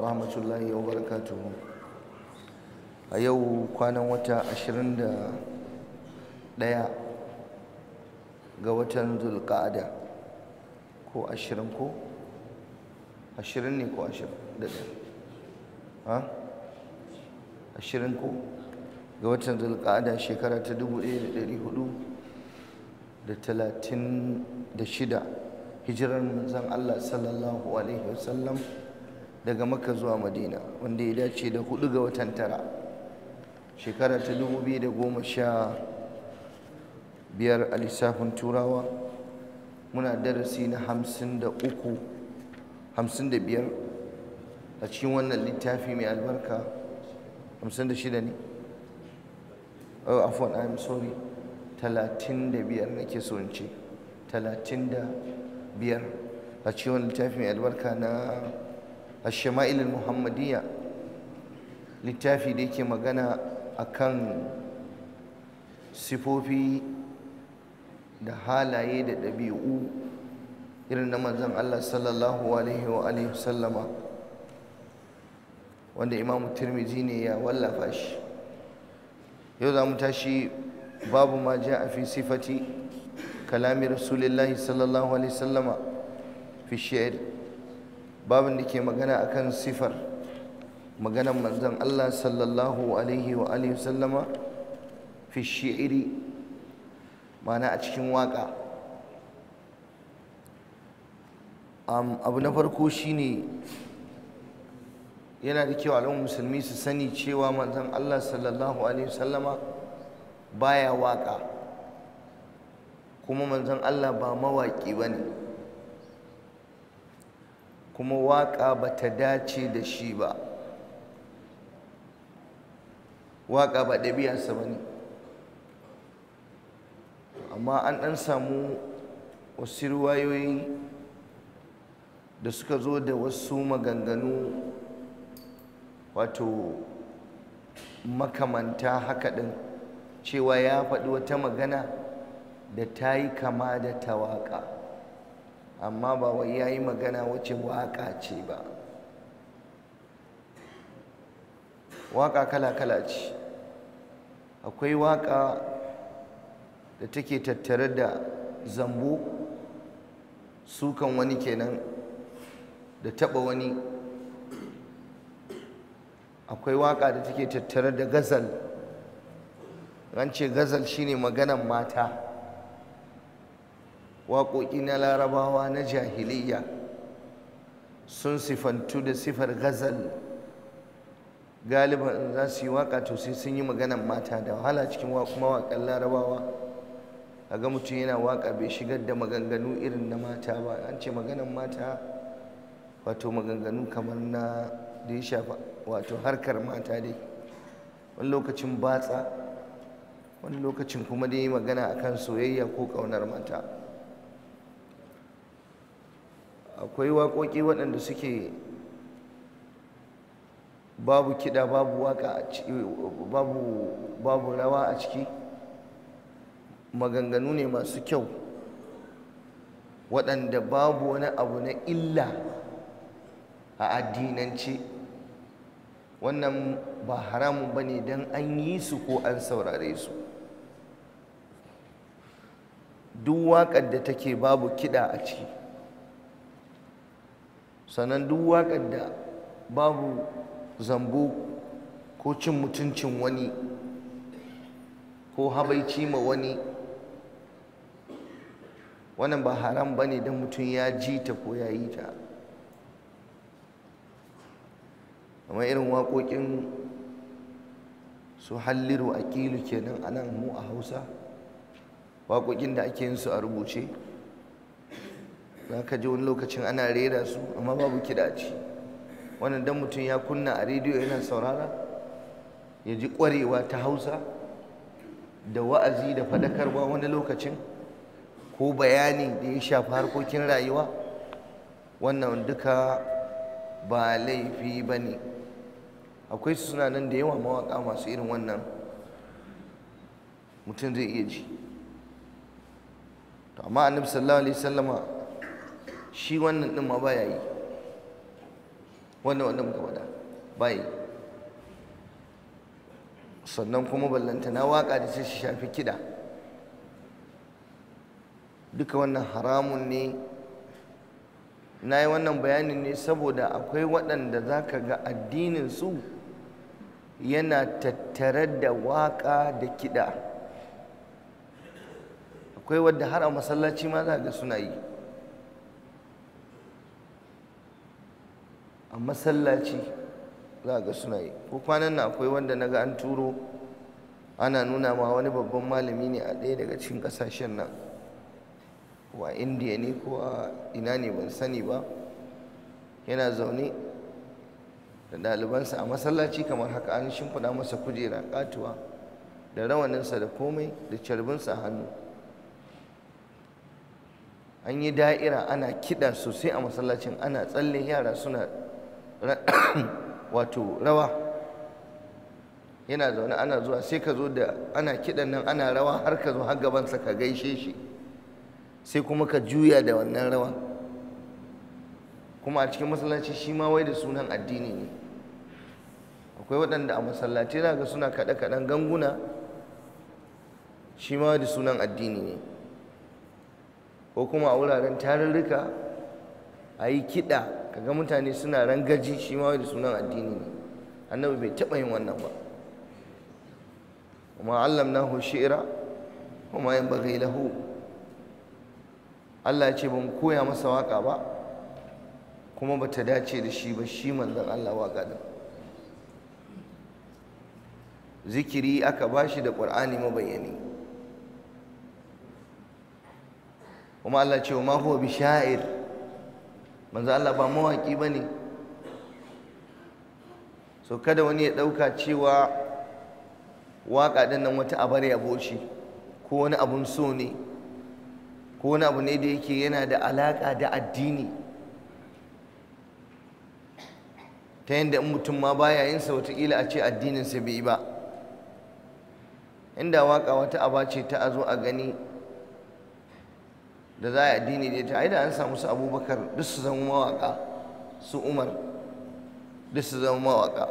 rahmatullahi wa barakatuhu a yau kwanan wata 21 ga watan zulqa'ada ko 20 ko 20 ne ko 21 ha 20 ko ga watan zulqa'ada shekara ta 1436 hijiran zan Allah sallallahu alaihi wasallam daga makka zuwa madina wanda ya dace da hudu ga watan tara shekara ta dubu biyu da goma sha biyar a lissafin turawa muna darasi na hamsin da uku hamsin da biyar a cikin wannan littafi mai albarka hamsin da shida ne oh afwan i'm sorry talatin da biyar nake so in ce talatin da biyar a cikin wannan littafi mai albarka na الشمائل المحمدية littafi da yake magana akan sifofi da halaye da ɗabi'u irin na manzan Allah sallallahu alaihi wa alihi sallama wanda Imam Tirmidhi ne ya wallafa shi yau za mu tashi babu ma a fi sifati kalami rasulillahi sallallahu alaihi sallama fi shi'r babin da ke magana akan sifar maganan manzon Allah sallallahu alaihi wa alihi sallama fi shi'iri mana a cikin waka abu na farko shine yana da kyau al'ummar musulmi su sani cewa manzon Allah sallallahu alaihi sallama baya waka kuma manzon Allah ba mawaki ne. kuma waƙa ba ta dace da shi ba waƙa ba ɗabi'arsa ba ne amma an ɗan samu wasu ruwayoyi da suka zo da wasu maganganu wato makamanta haka ɗin cewa ya faɗi wata magana da ta yi kama da ta waƙa amma ba wai ya yi magana wacce waƙa ce ba waƙa kala-kala ce akwai waƙa da take tattare da zambo sukan wani kenan da taɓa wani akwai waƙa da take tattare da gazal rance gazal shine maganan mata waƙoƙi na larabawa na jahiliya sun sifantu da sifar gazal galiban za su yi waƙa to sai sun yi maganan mata da wahala cikin waƙar larabawa a ga mutum yana waƙa bai shigar da maganganu irin na mata ba an ce maganan mata wato maganganu kamar na da ya shafa wato harkar mata dai wani lokacin batsa wani lokacin kuma dai magana akan soyayya ko ƙaunar mata akwai waƙoƙi waɗanda suke babu kiɗa babu waka babu babu rawa a ciki maganganu ne masu kyau waɗanda babu wani abu na illa a addinance wannan ba haramun ba ne don an yi su ko an saurare su duk waƙar da take babu kiɗa a ciki sannan duk waƙar da babu zambo ko cin mutuncin wani ko habaici ma wani wannan ba haram ba ne don mutum ya ji ta ko ya yi ta amma irin waƙoƙin su halliru aƙilu kenan a nan mu a hausa waƙoƙin da ake yin su a rubuce za ka ji wani lokacin ana rera su amma babu kiɗa wannan dan mutum ya kunna a rediyo yana saurara ya ji kwarewa ta hausa da wa'azi da fadakarwa wani lokacin ko bayani da ya shafi harkokin rayuwa wannan duka ba laifi ba ne akwai suna nan da yawa mawaƙa masu irin wannan mutum zai iya ji amma annabi sallallahu alaihi wasallama shi wannan ɗin ma baya yi wannan wannan muka faɗa baya yi sannan kuma ballanta na waka da shi shafi kiɗa duka wannan haramun ne na yi wannan bayanin ne saboda akwai waɗanda za ka ga addinin su yana tattare da waƙa da kiɗa akwai wadda har a masallaci ma za ga suna yi a masallaci za ga suna yi ko kwanan na akwai wanda na ga an turo ana nuna ma wani babban malami ne a ɗaya daga cikin ƙasashen nan Wa indiya ne ko a ina ne ban sani ba yana zaune da ɗalibansa a masallaci kamar haka an shimfiɗa masa kujera katuwa da rawaninsa da komai da carbinsa a hannu an yi da'ira ana kiɗa sosai a masallacin ana tsalle yara suna wato rawa yana zaune ana zuwa sai ka zo da ana kiɗan nan ana rawa har ka zo har gabansa ka gaishe shi sai kuma ka juya da wannan rawa kuma a cikin masallaci shi ma wai da sunan addini ne akwai waɗanda a masallaci za ga suna kaɗe-kaɗen ganguna shi ma da sunan addini ne ko kuma a wuraren tarurruka a yi kiɗa kaga mutane suna rangaji shi ma da sunan addini ne annabi bai taɓa yin wannan ba kuma allam na hushira kuma yin yanbaghi lahu Allah ya ce ban koya masa waka ba kuma bata dace da shi ba shi manzon Allah waka din zikiri aka bashi da Qur'ani mabayani kuma Allah ya ce ma huwa bi sha'ir manzo Allah ba mawaki bane so kada wani ya dauka cewa waka din nan wata abare boshi ko wani abun so ne ko wani abu ne da yake yana da alaka da addini ta yadda in mutum ma baya yin sa watakila a ce addininsa bai yi ba inda waka wata aba ce ta a a gani da za a yi addini da ita ai da an samu su abubakar duk su zama mawaka su umar duk su zama mawaka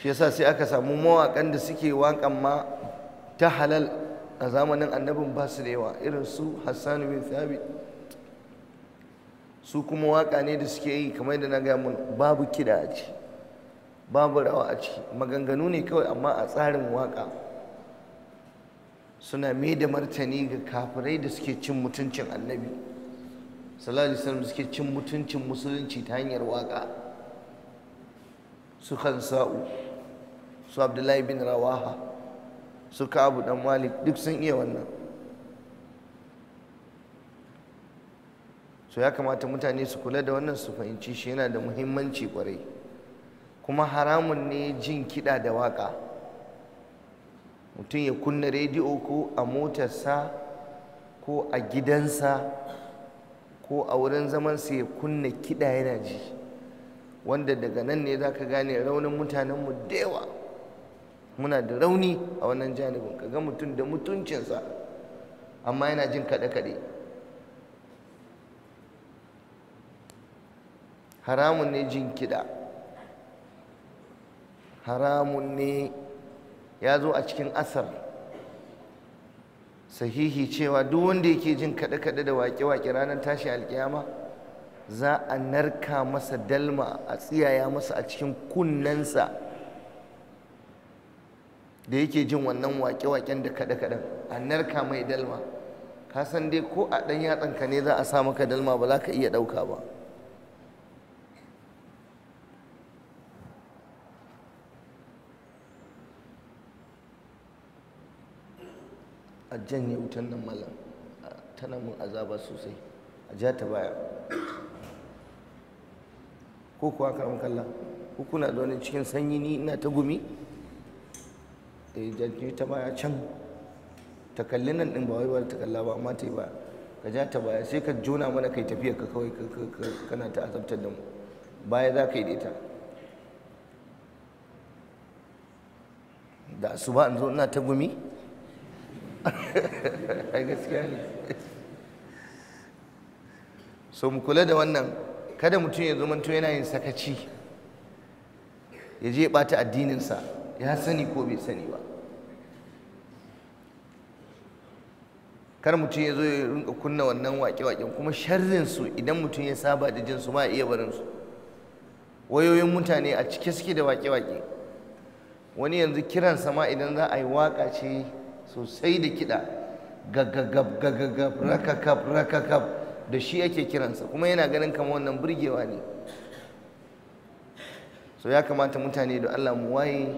shi yasa sai aka samu mawakan da suke waƙan ma ta halal a zamanin annabin ba su da yawa irin su hassan bin thabit su kuma waka ne da suke yi kamar yadda na gaya mun babu kiɗa a ciki babu rawa a ciki maganganu ne kawai amma a tsarin waka suna mai da martani ga kafirai da suke cin mutuncin annabi sallallahu alaihi wasallam suke cin mutuncin musulunci ta hanyar waka su sa'u su abdullahi bin rawaha su abu dan malik duk sun iya wannan so ya kamata mutane su kula da wannan su fahimci shi yana da muhimmanci kwarai kuma haramun ne jin kiɗa da waƙa mutum ya kunna rediyo ko a motarsa ko a gidansa ko a wurin zamansa ya kunna kiɗa yana ji wanda daga nan ne za ka gane raunin mutanenmu da yawa muna da rauni a wannan janibin ga mutum da mutuncinsa amma yana jin kaɗe-kaɗe haramun ne jin kiɗa haramun ne ya zo a cikin asar sahihi cewa duk wanda yake jin kaɗe-kaɗe da waƙe-waƙe ranar tashi alƙiyama za a narka masa dalma a tsiyaya masa a cikin kunnensa da yake jin wannan waƙe-waƙen da kaɗe-kaɗen a narka mai dalma ka san dai ko a ɗan yatsanka ne za a sa maka dalma ba za ka iya ɗauka ba a janye wutan nan malam tana mun azaba sosai a ja ta baya ko kuwa karamin kalla ko kuna da wani cikin sanyi ni ina ta gumi eh janye ta baya can ta kalli nan din ba wai ba ta kalla ba amma ta yi baya ka ja ta baya sai ka jona mana kai tafiya ka kawai kana ta azabtar da mu baya za ka yi da ita da asuba in zo ina ta gumi ai gaskiya ne so mu kula da wannan kada mutum ya zumanto yana yin sakaci ya je ɓata addininsa ya sani ko bai sani ba kar mutum ya zo ya rinka kunna wannan waƙe-waƙen kuma sharrinsu idan mutum ya saba da jinsu ma iya barinsu wayoyin mutane a cike suke da waƙe-waƙe wani yanzu kiransa ma idan za a yi waƙa ce sosai da kiɗa gaggagab gaggagab rakakab rakakab da shi ake kiransa kuma yana ganin kama wannan burgewa ne so ya kamata mutane da Allah mu waye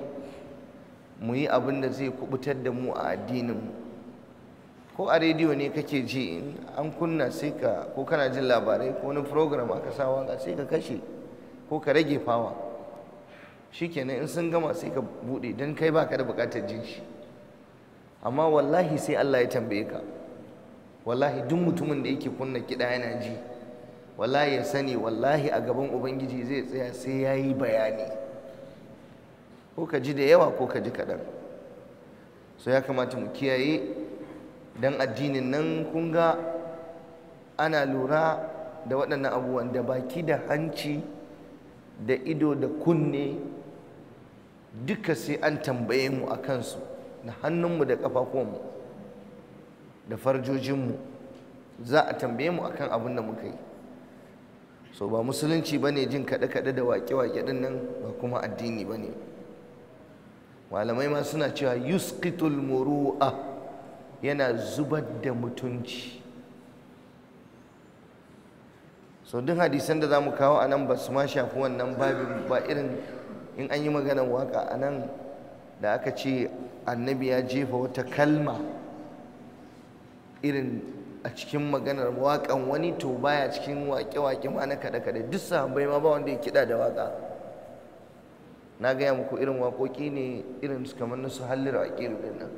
mu yi abin da zai kubutar da mu a addinin ko a rediyo ne kake ji in an kunna sai ka ko kana jin labarai ko wani program aka sa waka sai ka kashe ko ka rage fawa shikenan in sun gama sai ka bude don kai baka da bukatar jin shi amma wallahi sai Allah ya tambaye ka wallahi duk mutumin da yake kunna kiɗa yana ji wallahi ya sani wallahi a gaban ubangiji zai tsaya sai ya yi bayani ko ka ji da yawa ko ka ji kaɗan so ya kamata mu kiyaye dan addinin nan kun ga ana lura da waɗannan abubuwan da baki da hanci da ido da kunne duka sai an tambaye mu a kansu da hannunmu da ƙafafuwanmu da farjojinmu za a tambaye mu akan abin da muka yi so ba musulunci ba ne jin kaɗe-kaɗe da waƙe-waƙe ɗin nan ba kuma addini ba ne malamai ma suna cewa yusqitul muru'a yana zubar da mutunci so duk hadisan da za mu kawo a nan ba su ma shafi wannan babin ba irin in an yi maganar waƙa a nan da aka ce annabi ya jefa wata kalma irin a cikin maganar waƙan wani to baya cikin waƙe-waƙe ma na kaɗe-kaɗe duk sahabbai ma ba wanda ya kiɗa da waƙa na gaya muku irin waƙoƙi ne irin su kamar na su hallira a ƙirin nan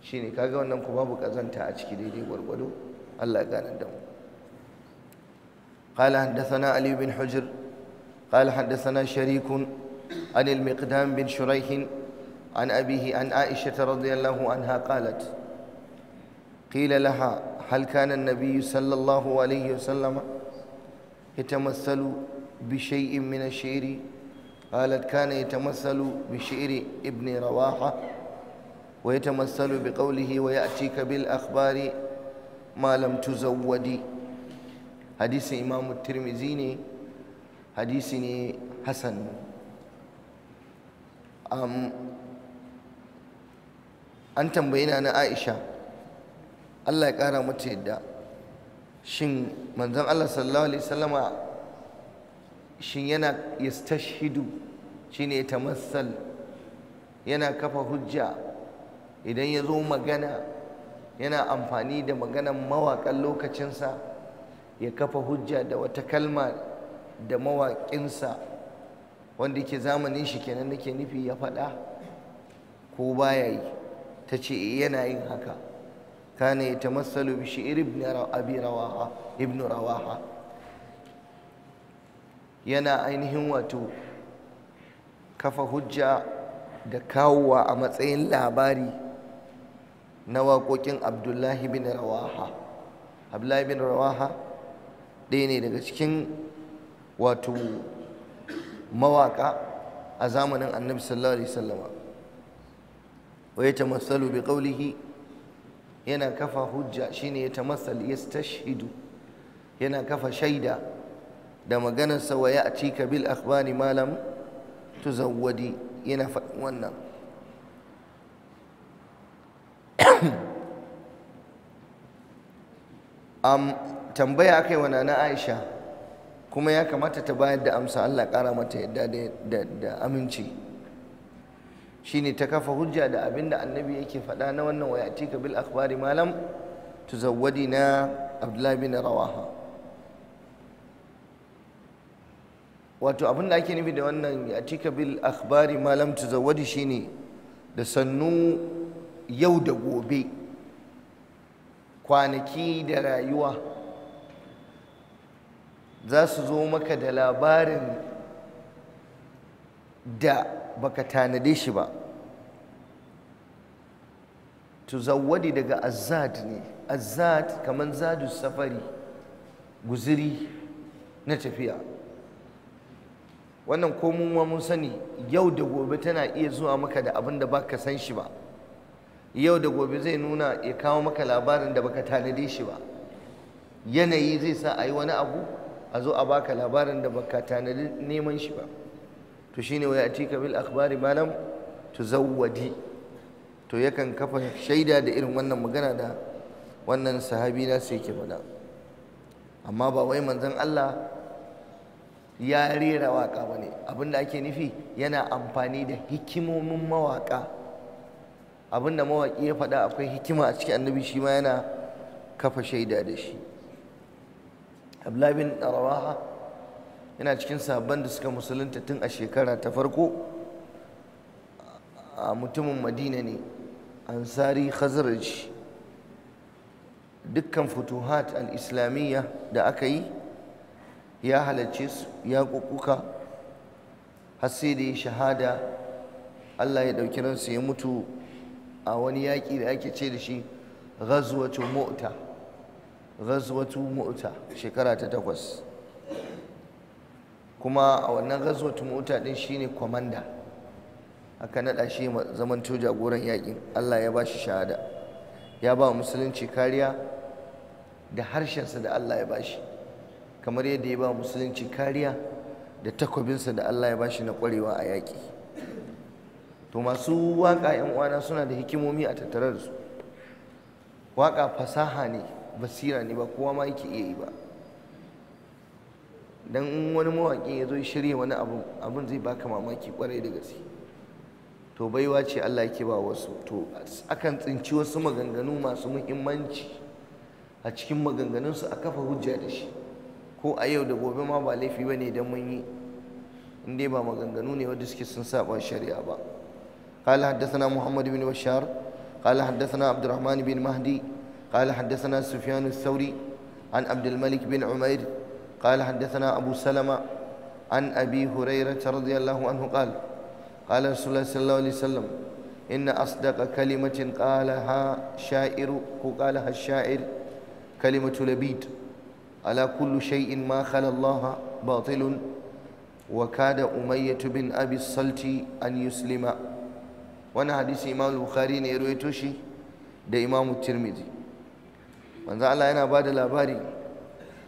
shi ne kaga wannan ku babu ƙazanta a ciki daidai gwargwado Allah ya gane da mu قال حدثنا علي بن حجر قال حدثنا شريك عن المقدام بن شريح عن أبيه عن عائشة رضي الله عنها قالت قيل لها هل كان النبي صلى الله عليه وسلم يتمثل بشيء من الشعر قالت كان يتمثل بشعر ابن رواحة ويتمثل بقوله ويأتيك بالأخبار ما لم تزودي حديث إمام الترمذي حديث حسن أم an tambayi na Aisha Allah ya ƙara mata yadda shin manzon Allah sallallahu alaihi wasallama shin yana yastashhidu shine ya tamassal yana kafa hujja idan ya zo magana yana amfani da maganan mawaƙan lokacinsa ya kafa hujja da wata kalma da mawaƙinsa wanda ke zamanin shi kenan nake nufi ya faɗa ko baya yi ta ce eh, yana yin haka kana ya tamassalu bi shi'ir ibn abi rawaha ibn rawaha yana ainihin wato kafa hujja da kawowa a matsayin labari na waƙoƙin abdullahi bin rawaha abdullahi bin rawaha ɗaya ne daga cikin wato mawaƙa a zamanin annabi sallallahu alaihi wasallama wa yatamassalu bi qawlihi yana kafa hujja shine ya yatamassal yastashhidu yana kafa shaida da maganarsa wa ya'tika bil akhbari ma lam tuzawwadi yana faɗin wannan um, tambaya kai wa nana Aisha kuma ya kamata ta bayar da amsa Allah ƙara mata yadda da aminci shine ta kafa hujja da abin da annabi yake faɗa na wannan wa wayatika bil akhbari malam tuzawwadi na abdullahi bin rawaha wato abin da ake nufi da wannan yatika bil akhbari malam tuzawwadi shine da sannu yau da gobe kwanaki da rayuwa za su zo maka da labarin da baka tanade shi ba zawadi daga azad ne azad kaman zadu safari guziri na tafiya wannan komowa mun sani yau da gobe tana iya zuwa maka da abin da baka san shi ba yau da gobe zai nuna ya kawo maka labarin da baka tanade shi ba yanayi zai sa a yi wani abu a zo a baka labarin da baka tanadi neman shi ba to shine wa yatika bil akhbari ma lam tuzawwadi to yakan kafa shaida da irin wannan magana da wannan sahabi na sai yake faɗa amma ba wai manzon Allah ya rera waka bane abinda ake nufi yana amfani da hikimomin mawaka abinda mawaki ya faɗa akwai hikima a cikin annabi shi ma yana kafa shaida da shi Abdullah bin Rawaha yana cikin sabon da suka musulunta tun a shekara ta farko a mutumin madina ne ansari khazraj dukkan futuhat al-islamiyya da aka yi ya halarci su ya kukuka har sai da ya shahada Allah ya ɗauki ransa ya mutu a wani yaƙi da ake ce da shi ghazwatu mu'ta ghazwatu mu'ta shekara ta takwas kuma a wannan ghazwatul mota din shine komanda aka nada shi zaman zamanto jagoran yakin Allah ya bashi shahada ya ba musulunci kariya da harshen sa da Allah ya bashi kamar yadda ya ba musulunci kariya da takwabinsa da Allah ya bashi na kwarewa a yaƙi to masu waka 'yan uwana suna da hikimomi a tattare da su waƙa fasaha ne basira ne ba kowa ma yake iya yi ba dan wani mawaƙi ya zo shirya wani abu abin zai baka mamaki kwarai da gaske to baiwa ce Allah yake ba wasu to akan tsinci wasu maganganu masu muhimmanci a cikin maganganunsu a kafa hujja da shi ko a yau da gobe ma ba laifi ba ne don mun yi in ba maganganu ne wanda suke sun saba shari'a ba قال حدثنا محمد بن بشار قال حدثنا عبد الرحمن بن مهدي قال حدثنا سفيان الثوري عن عبد الملك بن عمير قال حدثنا أبو سلمة عن أبي هريرة رضي الله عنه قال قال رسول الله صلى الله عليه وسلم إن أصدق كلمة قالها شاعر قالها الشاعر كلمة لبيد على كل شيء ما خلا الله باطل وكاد أمية بن أبي الصلت أن يسلم وانا حديث إمام البخاري نيرويتوشي ده إمام الترمذي manzo Allah yana bada labari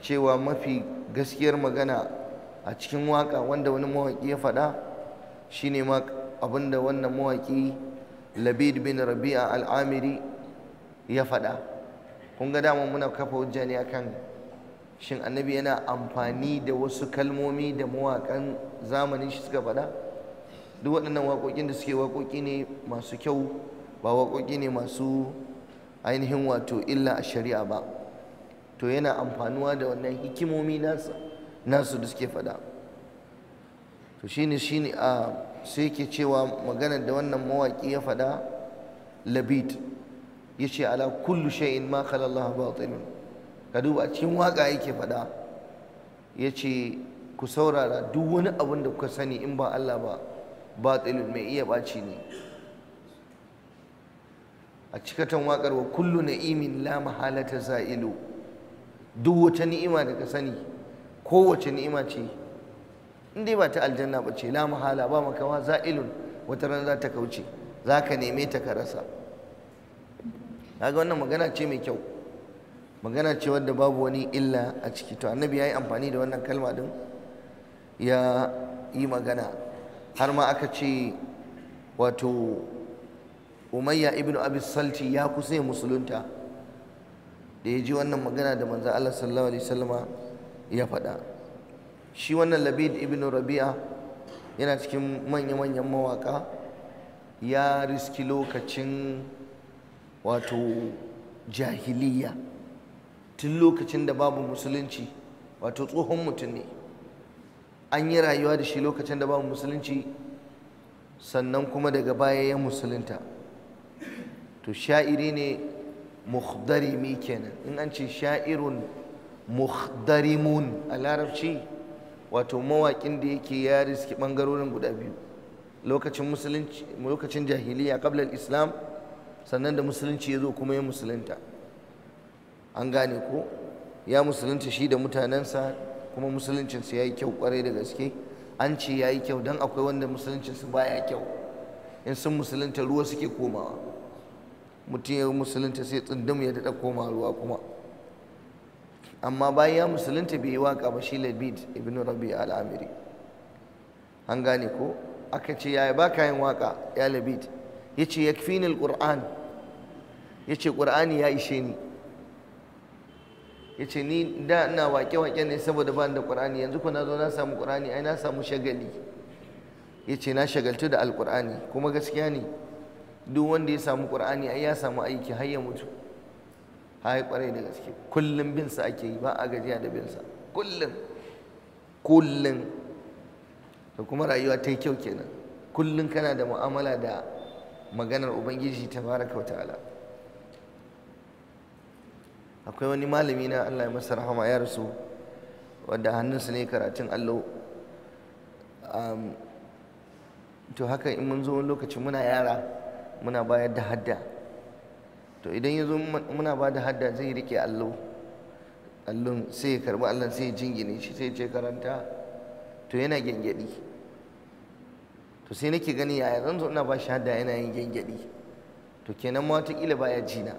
cewa mafi gaskiyar magana a cikin waka wanda wani mawaƙi ya faɗa shine ma abinda wannan mawaƙi labid bin rabi'a al'amiri ya faɗa kun ga dama muna kafa hujja ne akan shin annabi yana amfani da wasu kalmomi da mawaƙan zamanin shi suka faɗa duk waɗannan waƙoƙin da suke waƙoƙi ne masu kyau ba waƙoƙi ne masu ainihin wato illa a shari'a ba to yana amfanuwa da wannan hikimomi nasa nasu da suke faɗa to shine shine a sai yake cewa maganar da wannan mawaki ya faɗa labid ya ce ala kullu shay'in ma khala Allah batilun ka duba a cikin waƙa yake faɗa ya ce ku saurara duk wani abin da kuka sani in ba Allah ba batilun mai iya ɓaci ne a cikatan waƙar wa kullu na'imin la mahalata za'ilu duk wata ni'ima da ka sani kowace ni'ima ce in dai ba ta aljanna ba ce la mahala ba makawa za'ilun wata ran za ta kauce za ka neme ta ka rasa kaga wannan magana ce mai kyau magana ce wadda babu wani illa a ciki to annabi ya yi amfani da wannan kalma din ya yi magana har ma aka ce wato umayya ibnu abi salti ya kusa musulunta da ya ji wannan magana da manzo Allah sallallahu alaihi wasallama ya faɗa shi wannan Labid ibn Rabi'a yana cikin manya-manyan mawaka ya riski lokacin wato jahiliya tun lokacin da babu musulunci wato tsohon mutum ne an yi rayuwa da shi lokacin da babu musulunci sannan kuma daga baya ya musulunta to sha'iri ne mukhdarimi kenan in an ce sha'irun mukhdarimun a larabci wato mawaƙin da yake ya riski ɓangarorin guda biyu lokacin musulunci lokacin jahiliya qabla islam sannan da musulunci ya zo kuma ya musulunta an gane ko ya musulunta shi da mutanensa kuma musuluncinsa ya yi kyau kwarai da gaske an ce ya yi kyau don akwai wanda musuluncinsu baya kyau in sun musulunta ruwa suke komawa mutum ya musulunta sai tsundum ya daɗa koma ruwa kuma amma bayan ya musulunta bai yi waka ba shi labid ibn rabi al'amiri an gane ko aka ce yi ba kayan yin waka ya labid ya ce ya fi ni al'ur'an ya ce ƙur'ani ya ishe ni ya ce ni da ina wake-wake ne saboda ba da ƙur'ani yanzu kuna zo na samu ƙur'ani ai na samu shagali ya ce na shagaltu da alƙur'ani kuma gaskiya ne duk wanda ya samu qur'ani ai ya samu aiki har ya mutu hai kwarai da gaske kullum bin sa ake yi ba a gajiya da bin sa kullum kullum da kuma rayuwa ta yi kyau kenan kullum kana da mu'amala da maganar ubangiji tabaraka wa akwai wani malami na Allah ya masa rahama ya rasu wanda hannunsa ne karatun allo to haka in mun zo lokaci muna yara muna bayar da hadda to idan ya zo muna ba da hadda zai rike allo allon sai ya karbi allon sai ya jingine shi sai ce karanta to yana gyangyaɗi to sai nake gani yaya zan zo ina ba shi hadda yana yin gyangyaɗi to kenan ma wataƙila baya jina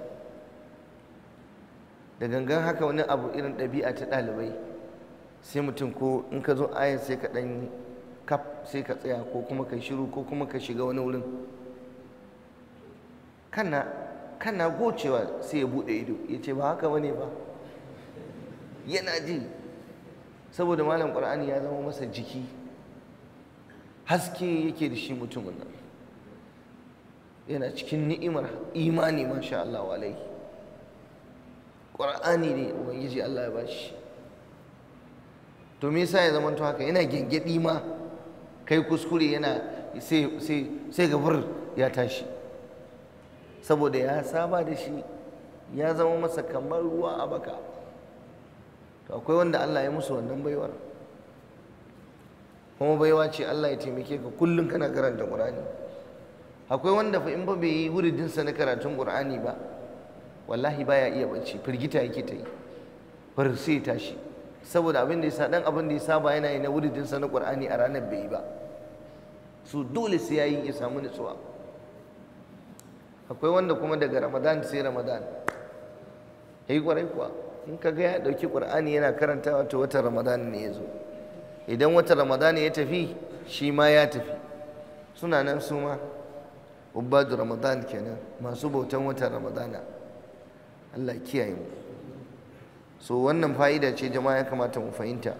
da gangan haka wani abu irin ɗabi'a ta ɗalibai sai mutum ko in ka zo ayan sai ka ɗan kaf sai ka tsaya ko kuma ka shiru ko kuma ka shiga wani wurin kana kana gocewa sai ya bude ido ya ce ba haka bane ba yana ji saboda malam qur'ani ya zama masa jiki haske yake da shi mutumin nan yana cikin ni'imar imani masha Allah alaihi qur'ani ne ubangiji Allah ya bashi to me yasa ya zama to haka yana gengedi ma kai kuskure yana sai sai gabar ya tashi saboda ya saba da shi ya zama masa kamar ruwa a baka to akwai wanda Allah ya musu wannan baiwar kuma baiwa ce Allah ya taimake ka kullum kana karanta Qur'ani akwai wanda fa in ba bai yi wuridin sa na karatun Qur'ani ba wallahi baya iya bacci firgita yake ta yi bar sai tashi saboda abin da yasa dan abin da ya saba yana yi na wuridin sa na Qur'ani a ranar bai yi ba su dole sai yayi ya samu nutsuwa akwai wanda kuma daga ramadan sai ramadan ya yi kwarai kuwa in ka ga ya ɗauki ƙur'ani yana karanta wata watan ramadan ne ya zo idan wata ramadan ya tafi shi ma ya tafi suna nan su ma ubbadu ramadan kenan masu bautan watan ramadana allah kiyaye mu so wannan fa'ida ce jama'a ya kamata mu fahimta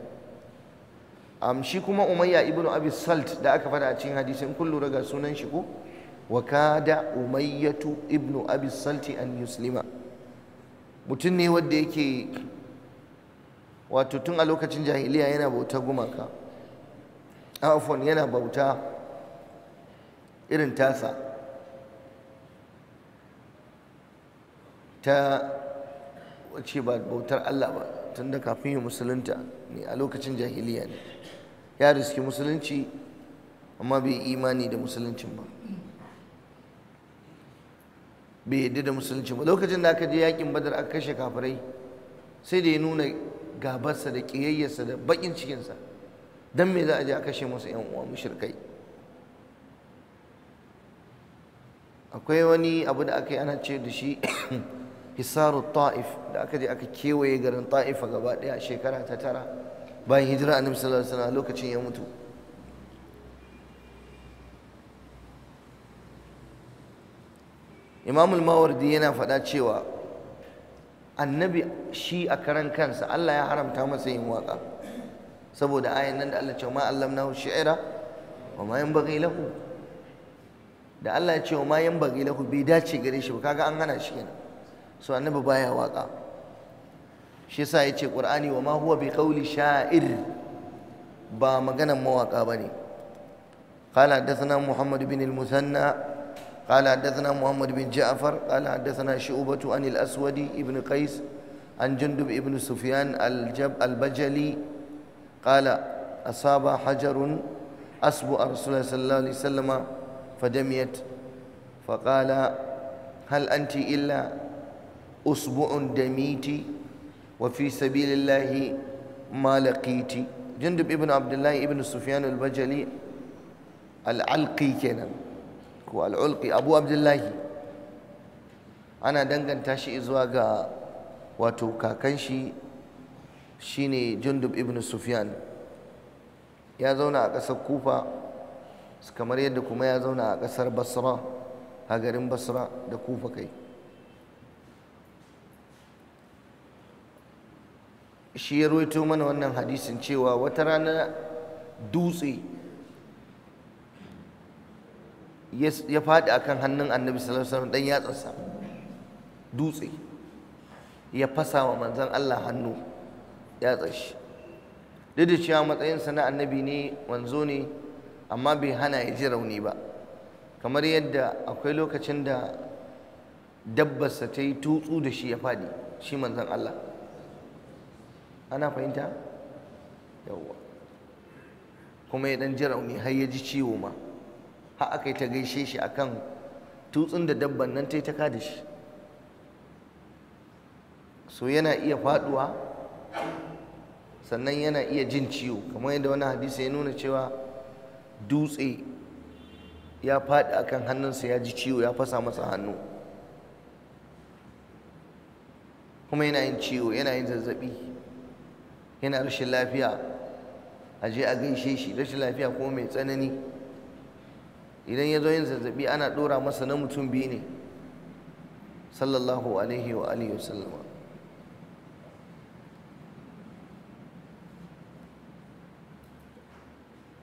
Amshi kuma umayya ibnu abi salt da aka faɗa a cikin hadisi in kun lura ga sunan shi ko wa kada umayyatu ibnu abi salti an yuslima mutum ne wanda yake wato tun a lokacin jahiliya yana bauta gumaka afon yana bauta irin tasa ta wace ba bautar Allah ba tun da kafin ya musulunta ne a lokacin jahiliya ne ya riski musulunci amma bai imani da musuluncin ba bai yadda da musulunci ba lokacin da aka je yakin badar aka kashe kafirai sai da ya nuna gabarsa da ƙiyayyarsa da baƙin cikinsa don me za a je a kashe masu yan uwa mushirkai akwai wani abu da aka yi ana ce da shi hisaru ta'if da aka je aka kewaye garin ta'ifa gaba ɗaya a shekara ta tara bayan hijira annabi sallallahu alaihi wasallam lokacin ya mutu imamul mawardi yana faɗa cewa annabi shi a karan kansa Allah ya haramta masa yin waka saboda ayan nan da Allah ce ma allamnahu shi'ira, wa ma yanbaghi lahu da Allah ya ce wa ma yanbaghi lahu bai dace gare shi ba kaga an hana shi kenan so annabi baya waka shi yasa ce qur'ani wa ma huwa bi qawli sha'ir ba maganan mawaka bane قال حدثنا محمد بن المثنى قال حدثنا محمد بن جعفر قال حدثنا شعبة عن الأسود ابن قيس عن جندب ابن سفيان الجب البجلي قال أصاب حجر أصبع رسول الله صلى الله عليه وسلم فدميت فقال هل أنت إلا أصبع دميتي وفي سبيل الله ما لقيتي جندب ابن عبد الله ابن سفيان البجلي العلقي كان ko al'ulqi abu abdullahi ana danganta shi zuwa ga wato kakan shi shine jundub ibn sufyan ya zauna a ƙasar kufa kamar yadda kuma ya zauna a ƙasar basra a garin basra da kufa kai shi ya ruwaito mana wannan hadisin cewa wata rana dutse ya faɗi kan hannun annabi sallallahu alaihi wasallam dan yatsarsa dutse ya fasa wa manzon Allah hannu yatsar shi duk da cewa matsayinsa na annabi ne wanzo ne amma bai hana ya ji rauni ba kamar yadda akwai lokacin da dabbarsa ta yi tutsu da shi ya faɗi shi manzon Allah ana fahimta yawwa kuma ya dan ji rauni har ya ji ciwo ma har aka yi ta gaishe shi a kan tutsun da dabban nan ta yi ta kada shi so yana iya faduwa sannan yana iya jin ciwo kamar yadda wani hadisi ya nuna cewa dutse ya faɗi akan hannunsa ya ji ciwo ya fasa masa hannu kuma yana yin ciwo yana yin zazzabi yana rashin lafiya a je a gaishe shi rashin lafiya kuma mai tsanani idan ya zo yin zazzabi ana ɗora masa na mutum biyu ne sallallahu alaihi wa alihi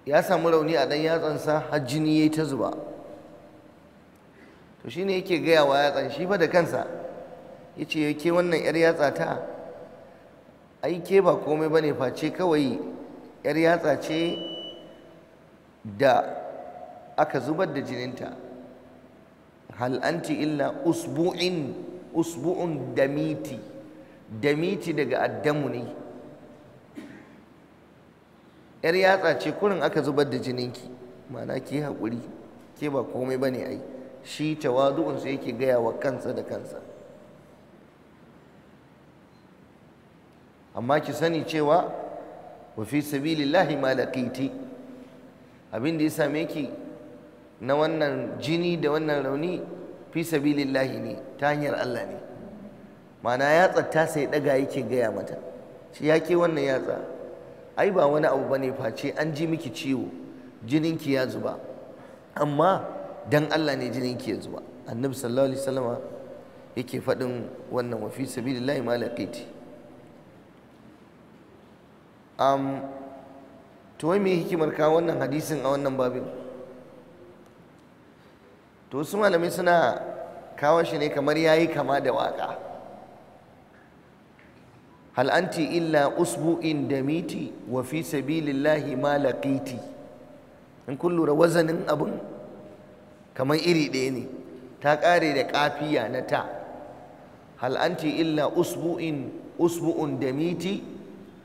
ya samu rauni a ɗan yatsansa har jini ya yi ta zuba to shi ne yake gaya wa yatsan shi fa da kansa ya ce ke wannan 'yar yatsa ta aike ba komai ba ne face kawai 'yar yatsa ce da aka zubar da jininta hal anti illa usbu'in usbu'un damiti damiti daga addamu ne yar yatsa ce kurin aka zubar da jininki ma'ana ki haƙuri ke ba komai bane ai shi tawadu'un sai yake gaya wa kansa da kansa amma ki sani cewa wa fi sabilillahi ma laqiti abin da ya same ki na wannan jini da wannan rauni fi sabilillahi ne ta hanyar Allah ne mana yatsa ta sai daga yake gaya mata shi ya ke wannan yatsa ai ba wani abu bane face an ji miki ciwo jininki ya zuba amma dan Allah ne jininki ya zuba annabi sallallahu alaihi wasallama yake faɗin wannan wa fi sabilillahi ma laqiti um to me hikimar ka wannan hadisin a wannan babin to su malamai suna kawo shi ne kamar yayi kama da waka hal anti illa usbu'in damiti wa fi sabilillahi ma laqiti in kun lura wazanin abun kamar iri ɗaya ne ta ƙare da ƙafiya na ta hal anti illa usbu'in usbu'un damiti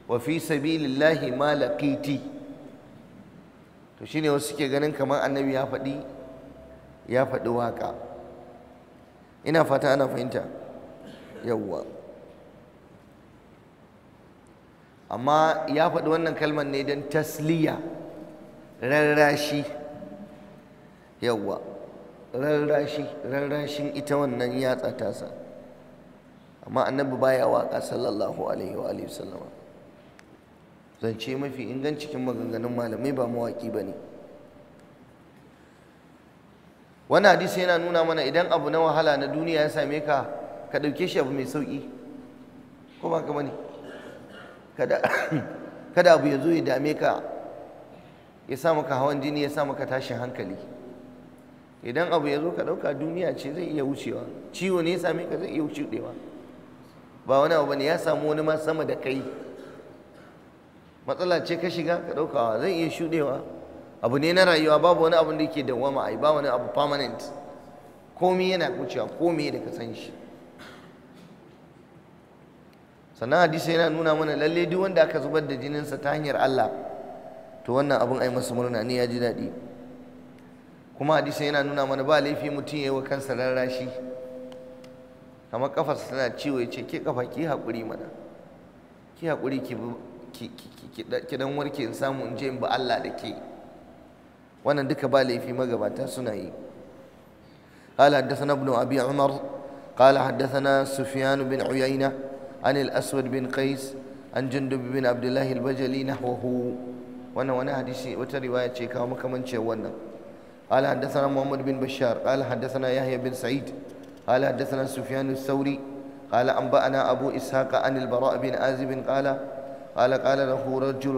wa fi sabilillahi ma laqiti to shine wasu suke ganin kamar annabi ya faɗi ya faɗi waƙa, ina fata ana fahimta yawwa amma ya faɗi wannan kalmar ne don tasliya rarrashi yawwa rarrashi rarrashin ita wannan yatsa tasa amma annabi baya waƙa, sallallahu alaihi wa alihi wasallama zance mafi ingancin maganganun malamai ba mawaƙi ba ne wannan hadisi yana nuna mana idan abu na wahala na duniya ya same ka ka ɗauke shi abu mai sauƙi ko ba ka bane kada abu ya zo ya dame ka ya sa maka hawan jini ya sa maka tashin hankali idan abu ya zo ka ɗauka duniya ce zai iya wucewa ciwo ne ya same ka zai iya wucewa ba wani abu ne ya samu wani ma sama da kai matsala ce ka shiga ka ɗaukawa zai iya shuɗewa abu ne na rayuwa babu wani abu da yake dawwama ai ba wani abu permanent komai yana kucewa komai da ka san shi sannan hadisi yana nuna mana lalle duk wanda aka zubar da jininsa ta hanyar Allah to wannan abun ai masa murna ne ya ji daɗi kuma hadisi yana nuna mana ba laifi mutum yayi wa kansa rarrashi kamar kafarsa tana ciwo ya ce ke kafa ki haƙuri mana ki haƙuri ki ki dan warke in samu in je in bi Allah da ke wannan duka ba laifi magabata suna yi قال حدثنا ابن أبي عمر قال حدثنا سفيان بن عيينة عن الأسود بن قيس عن جندب بن عبد الله البجلي نحوه وانا وانا حديثي وترواية شيكا ومكمن شوانا قال حدثنا محمد بن بشار قال حدثنا يحيى بن سعيد قال حدثنا سفيان الثوري قال أنبأنا أبو إسحاق عن البراء بن عازب قال قال قال له رجل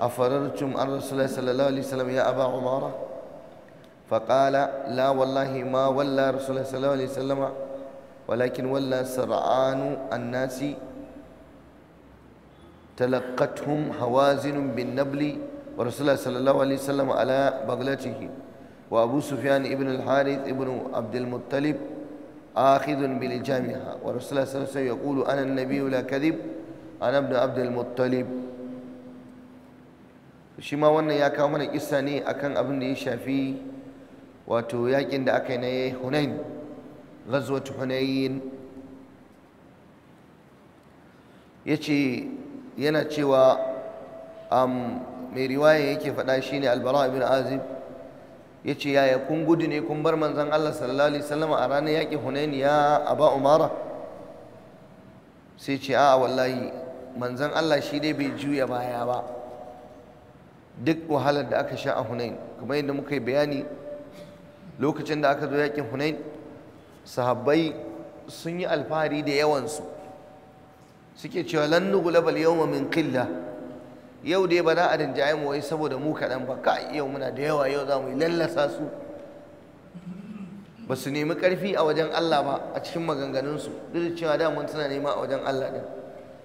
أفررتم عن رسول الله صلى الله عليه وسلم يا أبا عمارة فقال لا والله ما ولى رسول الله صلى الله عليه وسلم ولكن ولى سرعان الناس تلقتهم هوازن بالنبل ورسول الله صلى الله عليه وسلم على بغلته وأبو سفيان ابن الحارث ابن عبد المطلب آخذ بالجامعة ورسول الله صلى الله عليه وسلم يقول أنا النبي لا كذب أنا ابن عبد المطلب shi ma wannan ya kawo mana kissa ne akan abin da ya shafi wato yakin da aka yi na Hunain ghazwat Hunain yace yana cewa mai riwaya yake faɗa ne, Al-Bara ibn Azib yace yaya kun gudu ne kun bar manzon Allah sallallahu alaihi wasallam a ranar yakin Hunain ya Aba Umara sai ce a'a wallahi manzon Allah shi dai bai juya baya ba duk wahalar da aka sha a hunain kamar yadda muka yi bayani lokacin da aka zo yakin hunain sahabbai sun yi alfahari da yawansu suke cewa lan nughlabal yawma min qilla yau dai ba za a rinjaye mu wai saboda mu kaɗan ba ka yau muna da yawa yau za mu yi lallasa su ba su nemi ƙarfi a wajen Allah ba a cikin maganganunsu duk da cewa mun suna nema a wajen Allah din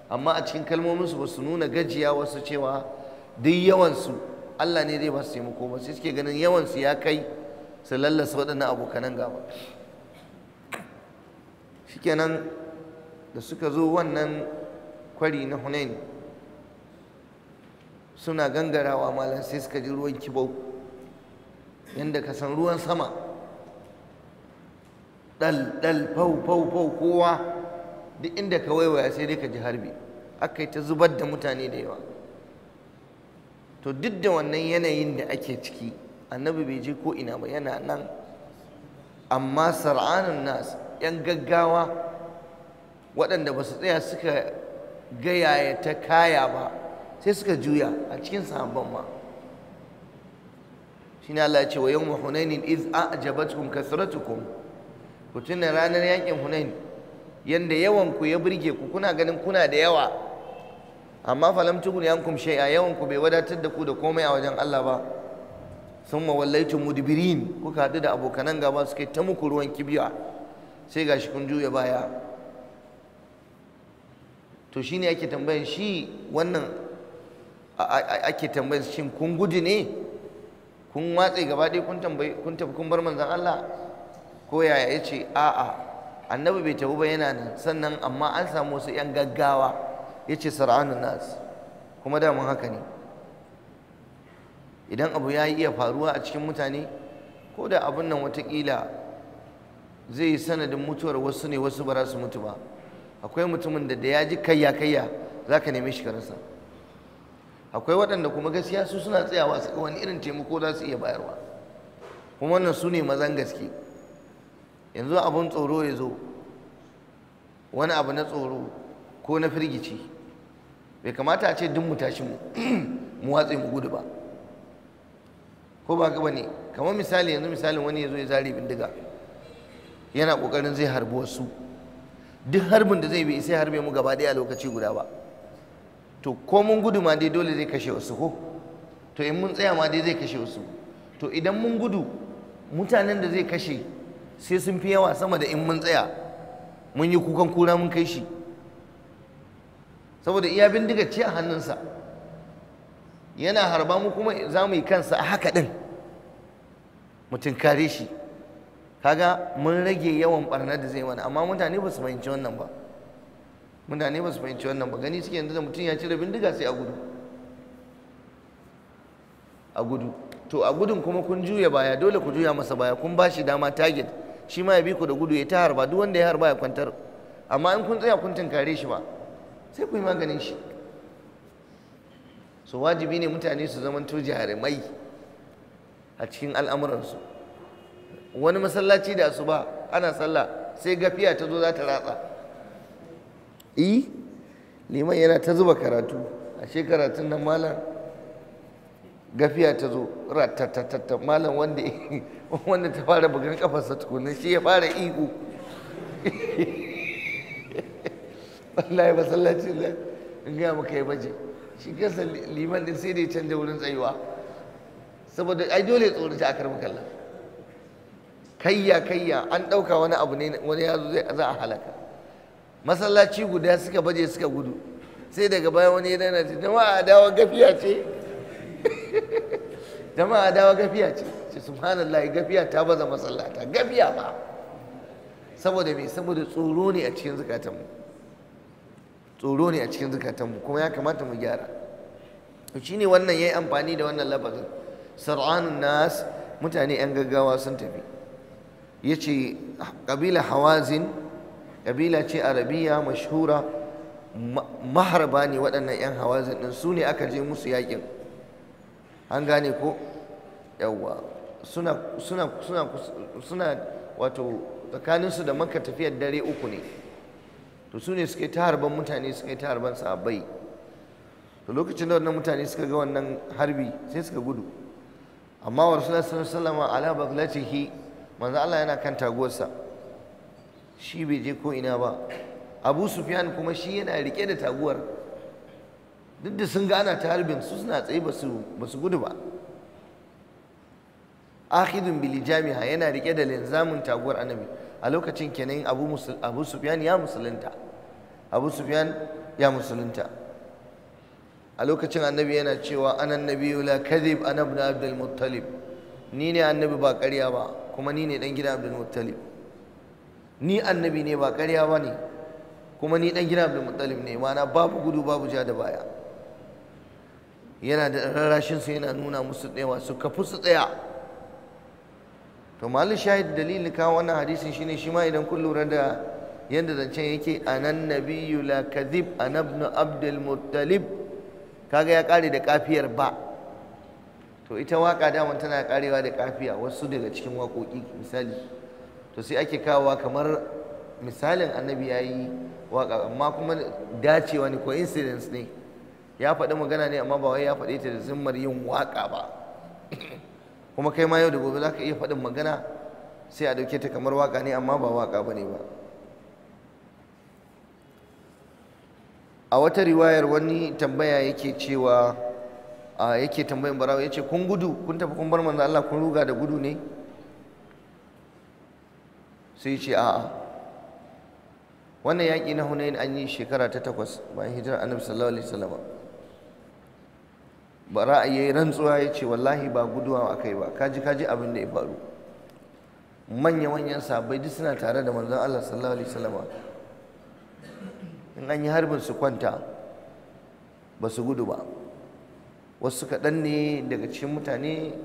amma a cikin kalmominsu ba su nuna gajiya wasu cewa duk yawansu Allah ne zai ba su taimako ba sai suke ganin yawansu ya kai su lallasa waɗannan abokanan gaba shikenan da suka zo wannan kwari na hunain suna gangarawa malam sai suka ji ruwan kibau yadda ka san ruwan sama ɗal ɗal fau fau fau kowa duk inda ka waiwaya sai dai ka ji harbi aka yi ta zubar da mutane da yawa to duk da wannan yanayin da ake ciki annabi bai je ko ina ba yana nan amma sar'anun nas yan gaggawa waɗanda ba su tsaya suka gayaya ta kaya ba sai suka juya a cikin sahabban ma shine Allah ya ce wa yawma hunainin iz a'jabatkum kasratukum ku tuna ranar yakin hunain yanda yawan ku ya burge ku kuna ganin kuna da yawa amma falam tughni ankum shay'a yawan ku bai wadatar da ku da komai a wajen Allah ba summa wallaitu mudbirin kuka hadu da abokanan gaba suka ta muku ruwan kibiya sai gashi kun juya baya to shine ake tambayan shi wannan ake tambayan shin kun gudu ne kun watse gaba ɗaya kun tambayi kun tafi kun bar manzon Allah ko yaya yace a'a annabi bai tafi ba yana nan sannan amma an samu wasu yan gaggawa yace sar'anun nas kuma da mun haka ne idan abu ya iya faruwa a cikin mutane ko da abun nan watakila zai yi sanadin mutuwar wasu ne wasu ba za su mutu ba akwai mutumin da da ya ji kayya kayya za ka neme shi karasa akwai waɗanda kuma gaskiya su suna tsayawa su wani irin taimako za su iya bayarwa kuma wannan su ne mazan gaske yanzu abun tsoro ya zo wani abu na tsoro ko na firgici bai kamata a ce duk mu tashi mu mu watse mu gudu ba ko ba gaba ne kamar misali yanzu misalin wani ya zo ya zare bindiga yana kokarin zai harbi wasu duk harbin da zai bi sai harbe mu gaba ɗaya a lokaci guda ba to ko mun gudu ma dai dole zai kashe wasu ko to in mun tsaya ma dai zai kashe wasu to idan mun gudu mutanen da zai kashe sai sun fi yawa sama da in mun tsaya mun yi kukan kura mun kai shi saboda iya bindiga ce a hannunsa yana harba mu kuma za mu yi kansa a haka ɗin mutum kare shi kaga mun rage yawan ɓarnar da zai mana amma mutane ba su fahimci wannan ba mutane ba su fahimci wannan ba gani suke yanzu da mutum ya cire bindiga sai a gudu a gudu to a gudun kuma kun juya baya dole ku juya masa baya kun ba shi dama target shi ma ya bi ku da gudu ya ta harba duk wanda ya harba ya kwantar amma in kun tsaya kun tunkare shi ba sai ku yi maganin shi Su wajibi ne mutane su zamanto jarumai a cikin al'amuransu wani masallaci da asuba ana sallah sai gafiya ta zo za ta ratsa E, liman yana ta zuba karatu a shekaratun nan malam gafiya ta zo ratatatatta malam wanda ta fara bugan kafarsa tukunan shi ya fara iko. ya masallacin da in gaya maka ya baje shi kansa liman din sai da ya canja wurin tsayuwa saboda ai dole ya tsorata a karbi kallon kayya kayya an ɗauka wani abu ne wani ya zo zai za a halaka masallaci guda suka baje suka gudu sai daga baya wani yana na ce jama'a dawa gafiya ce jama'a dawa gafiya ce ce subhanallah gafiya ta baza masallata gafiya ba saboda me saboda tsoro ne a cikin zukatanmu tsoro ne a cikin zukatanmu kuma ya kamata mu gyara shi ne wannan ya yi amfani da wannan lafazin sar'anun nas mutane 'yan gaggawa sun tafi ya ce ƙabila hawazin kabila ce arabiya mashhura maharba ne waɗannan 'yan hawazin ɗin su ne aka je musu yakin? an gane ko yawwa suna suna suna suna wato tsakaninsu da maka tafiyar dare uku ne to su ne suka yi ta harban mutane suka yi ta harban sahabbai to lokacin da wannan mutane suka ga wannan harbi sai suka gudu amma wa rasulullahi sallallahu alaihi wasallam ala baglatihi manzo Allah yana kan taguwarsa shi bai je ko ina ba Abu Sufyan kuma shi yana rike da taguwar duk da sun gana ta harbin su suna tsaye ba su gudu ba akhidun bilijamiha yana rike da linzamin taguwar annabi a lokacin kenan abu sufyan ya musulunta abu sufyan ya musulunta a lokacin annabi yana cewa anan nabiyyu la kadhib ana ibn abdul muttalib ni ne annabi ba ƙarya ba kuma ni ne dan gidan abdul muttalib ni annabi ne ba ƙarya ba ne kuma ni dan gidan abdul muttalib ne ma'ana babu gudu babu ja da baya yana da rarrashin yana nuna musu tsayawa su kafu su tsaya to malin shahid dalilin kawo wannan hadisin shine shi ma idan kun lura da yadda zancen yake anan nabiyyu la kadhib an ibn abdul muttalib kaga ya kare da kafiyar ba to ita waka daman tana karewa da kafiya wasu daga cikin waƙoƙi misali to sai ake kawowa kamar misalin annabi yayi waka amma kuma dacewa ne coincidence ne ya faɗi magana ne amma ba wai ya faɗi ta da zimmar yin waka ba kuma kai ma yau da gobe za ka iya faɗin magana sai a ɗauke ta kamar waka ne amma ba waka ba ne ba a wata riwayar wani tambaya yake cewa a yake tambayin barawa ya ce kun gudu kun tafi kun bar manzo Allah kun ruga da gudu ne sai ce a'a wannan yaƙi na hunayin an yi shekara ta takwas bayan hijirar annabi sallallahu alaihi wasallam bara a yi rantsuwa ya ce wallahi ba guduwa akai ba kaji kaji abin da ya faru manya manyan sabai duk suna tare da manzon Allah sallallahu alaihi wasallam in an yi harbin su kwanta ba su gudu ba wasu kaɗan ne daga cikin mutane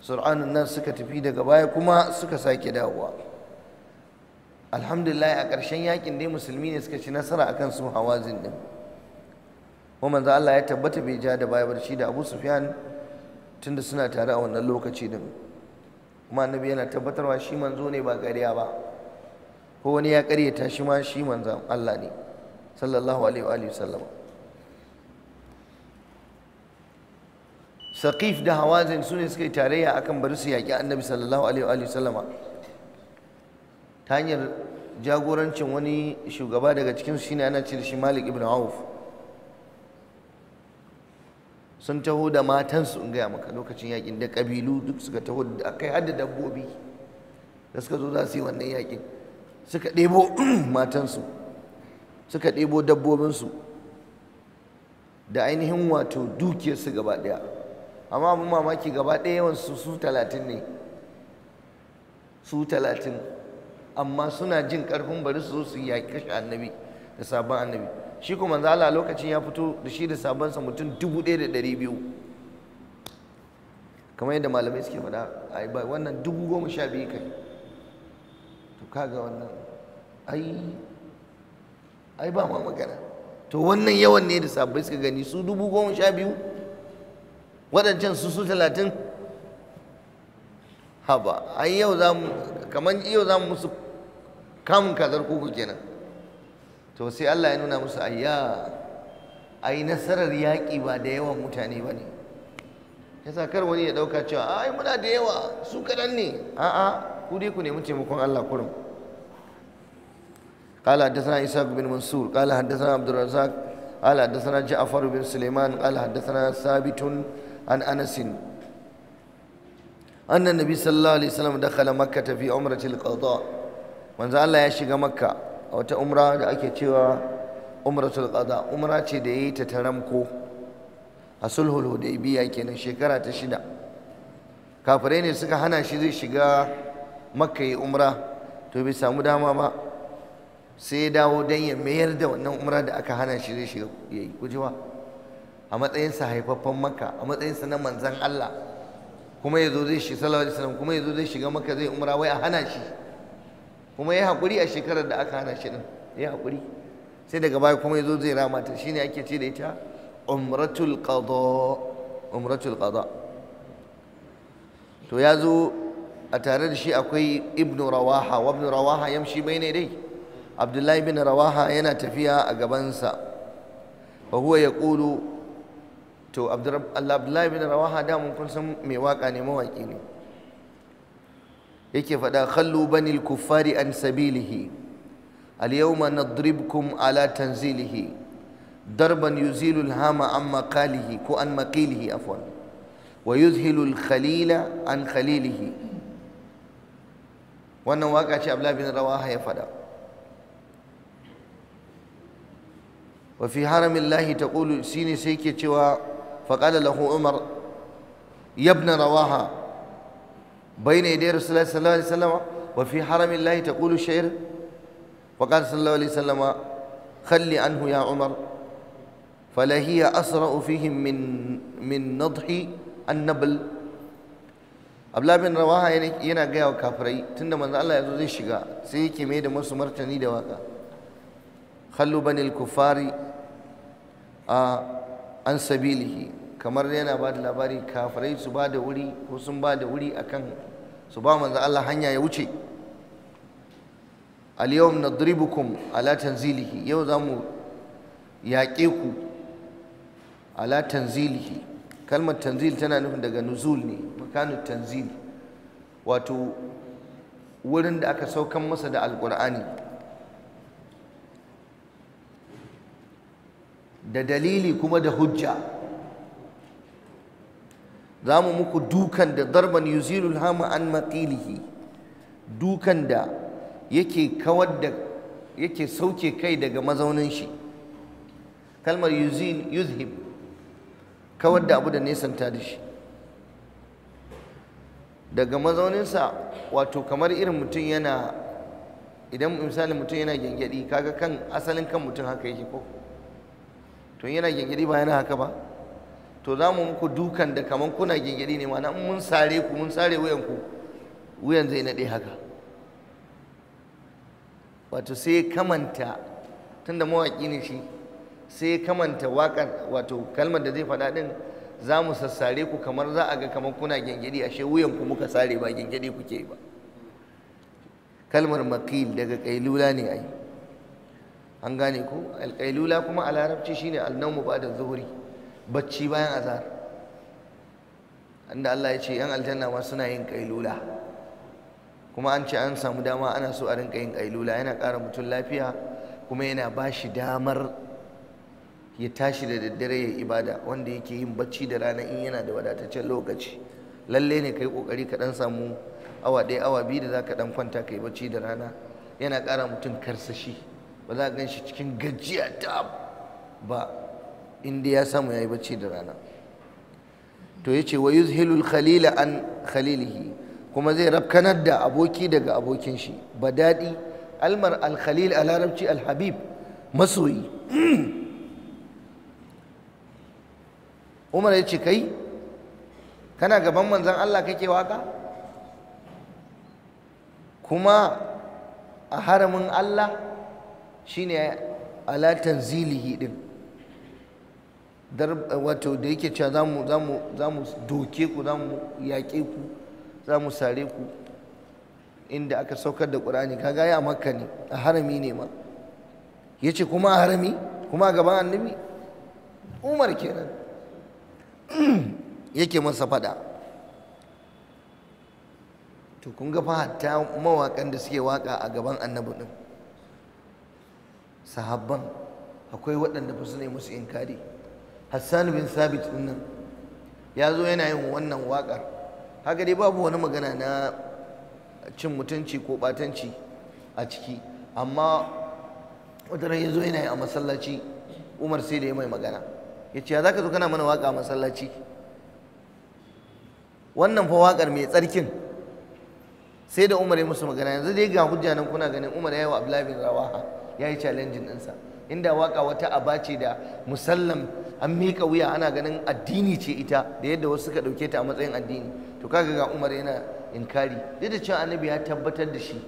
sur'anun nan suka tafi daga baya kuma suka sake dawowa alhamdulillah a ƙarshen yakin dai musulmi ne suka ci nasara akan su hawazin din kuma manzo Allah ya tabbata bai ja da baya ba shi da Abu Sufyan tunda suna tare a wannan lokaci din kuma annabi yana tabbatarwa shi manzo ne ba ƙarya ba ko wani ya ta shi ma shi manzo Allah ne sallallahu alaihi wa alihi sallama Saqif da Hawazin sune suka yi tarayya akan bari su yaƙi Annabi sallallahu alaihi wa alihi sallama ta hanyar jagorancin wani shugaba daga cikin shine ana ce da shi Malik ibn Auf sun taho da matansu in gaya maka lokacin yakin da kabilu duk suka taho da kai har da dabbobi da suka zo za su yi wannan yakin suka ɗebo matansu suka ɗebo dabbobinsu da ainihin wato dukiyarsu gaba ɗaya amma abin mamaki gaba ɗaya yawan su su talatin ne su talatin amma suna jin ƙarfin bari su zo su yi yaƙi kashe annabi da sabon annabi shi kuma manzo Allah lokacin ya fito da shi da sa mutum 1200 kamar yadda malamai suke faɗa ai ba wannan 1012 kai to kaga wannan ai ai ba ma magana to wannan yawan ne da sabbai suka gani su 1012 wadancan su su 30 haba ai yau za mu kamar yau za mu musu kamun kazar koko kenan to sai Allah ya nuna musu ayya ai nasarar yaƙi ba da yawan mutane ba ne yasa kar wani ya ɗauka cewa ai muna da yawa su kaɗan ne a'a ku dai ku nemi taimakon Allah kurum قال حدثنا إسحاق بن منصور قال حدثنا عبد الرزاق قال حدثنا جعفر بن سليمان قال حدثنا ثابت عن أنس أن النبي صلى الله عليه وسلم دخل مكة في عمرة القضاء من الله يشيق مكة a wata umra da ake cewa umratul qada umra ce da yayi ta taramko a sulhul hudaybiya kenan shekara ta shida kafirai ne suka hana shi zai shiga makka yi umra to bai samu dama ba sai ya dawo dan ya mayar da wannan umra da aka hana shi zai shiga ya yi a a matsayinsa haifaffen makka a matsayinsa na manzan Allah kuma yazo zai shi sallallahu alaihi wasallam kuma yazo zai shiga makka zai umra wai a hana shi kuma ya haƙuri a shekarar da aka hana shi ɗin ya haƙuri sai daga baya kuma ya zo zai rama ta ne ake ce da ita umratul qada umratul qada to ya zo a tare da shi akwai ibnu rawaha wa ibnu rawaha yamshi ne dai abdullahi bin rawaha yana tafiya a gabansa wa huwa yaqulu to abdullahi bin rawaha da mun kun san mai waka ne mawaki ne yake faɗa khallu banil kuffari an sabilihi al nadribkum ala tanzilihi darban yuzilu al-hama an maqalihi ko an maqilihi afwan wa yuzhilu al-khalila an khalilihi wannan waka ce Abdullah bin Rawaha ya faɗa wa fi haramillahi taqulu shine sai ke cewa faqala lahu Umar ya ibn Rawaha بين يدي رسول الله صلى الله عليه وسلم وفي حرم الله تقول الشعر وقال صلى الله عليه وسلم خل عنه يا عمر فلهي أسرع فيهم من من نضح النبل abla bin rawaha yana gaya wa kafirai tunda manzo Allah ya zo zai shiga sai yake mai da musu martani da waka khallu banil kufari an sabilihi kamar yana ba da labari kafirai su ba da wuri ko sun ba da wuri akan su ba manzo Allah hanya ya wuce al-yawm nadribukum ala tanzilihi yau zamu yaƙe ku ala tanzilihi kalmar tanzil tana nufin daga nuzul ne makanu tanzil wato wurin da aka saukan masa da alƙur'ani da dalili kuma da hujja za mu muku dukan da darban yuzilul hama an matilihi dukan da yake kawar da yake sauke kai daga mazaunin shi kalmar yuzil yuzhib kawar da abu da ta da shi daga mazauninsa wato kamar irin mutum yana idan misali mutum yana gyangyaɗi kaga kan asalin kan mutum haka yake ko to yana gyangyaɗi ba yana haka ba to za mu muku dukan da kaman kuna gingiri ne mana mun sare ku mun sare wuyan ku wuyan zai naɗe haka wato sai kamanta tunda mawaƙi ne shi sai kamanta waƙar wato kalmar da zai faɗa ɗin za mu sassare ku kamar za a ga kamar kuna gingiri ashe wuyan ku muka sare ba gingiri kuke ba kalmar makil daga kailula ne ai an gane ku alƙailula kuma a larabci shine annamu ba da zuhuri bacci bayan azhar inda Allah ya ce yan aljanna ma suna yin kailula kuma an ce an samu dama ana so a rinka yin kailula yana ƙara mutum lafiya kuma yana ba shi damar ya tashi da daddare ya ibada wanda yake yin bacci da rana in yana da wadataccen lokaci lalle ne kai kokari ka dan samu awa ɗaya awa biyu da za ka dan kwanta kai bacci da rana yana ƙara mutum karsashi ba za ka gan shi cikin gajiya ta ba inda ya samu yi bacci da rana to yace wa yuzhilul khalila an khalilihi kuma zai rabkanar da aboki daga abokin shi badadi almar alkhalil a larabci alhabib masoyi umar ya ce kai kana gaban manzan allah kake waka kuma a haramin allah shine ala tanzilihi din wato da yake cewa za mu doke ku za mu yaƙe ku za mu sare ku inda aka saukar da ƙur'ani kaga ya makka ne a harami ne ma ya ce kuma a harami kuma a gaban annabi umar kenan yake masa faɗa to kun ga hatta mawaƙan da suke waƙa a gaban annabi ɗin sahabban akwai waɗanda ba su ne musu inkari Hassan bin Sabit dinnan ya zo yana yin wannan waƙar haka dai babu wani magana na cin mutunci ko ɓatanci a ciki amma wata ran ya zo yana yi a masallaci Umar sai da ya mai magana ya ce ya za ka zo kana mana waƙa a masallaci wannan fa waƙar mai tsarkin sai da Umar ya musu magana yanzu dai ga hujja nan kuna ganin Umar ya yi wa Abdullahi bin Rawaha ya yi challenging ɗinsa inda waka wata aba ce da musallam an miƙa wuya ana ganin addini ce ita da yadda wasu suka ɗauke ta a matsayin addini to kaga ga Umar yana inkari duk da cewa annabi ya tabbatar da shi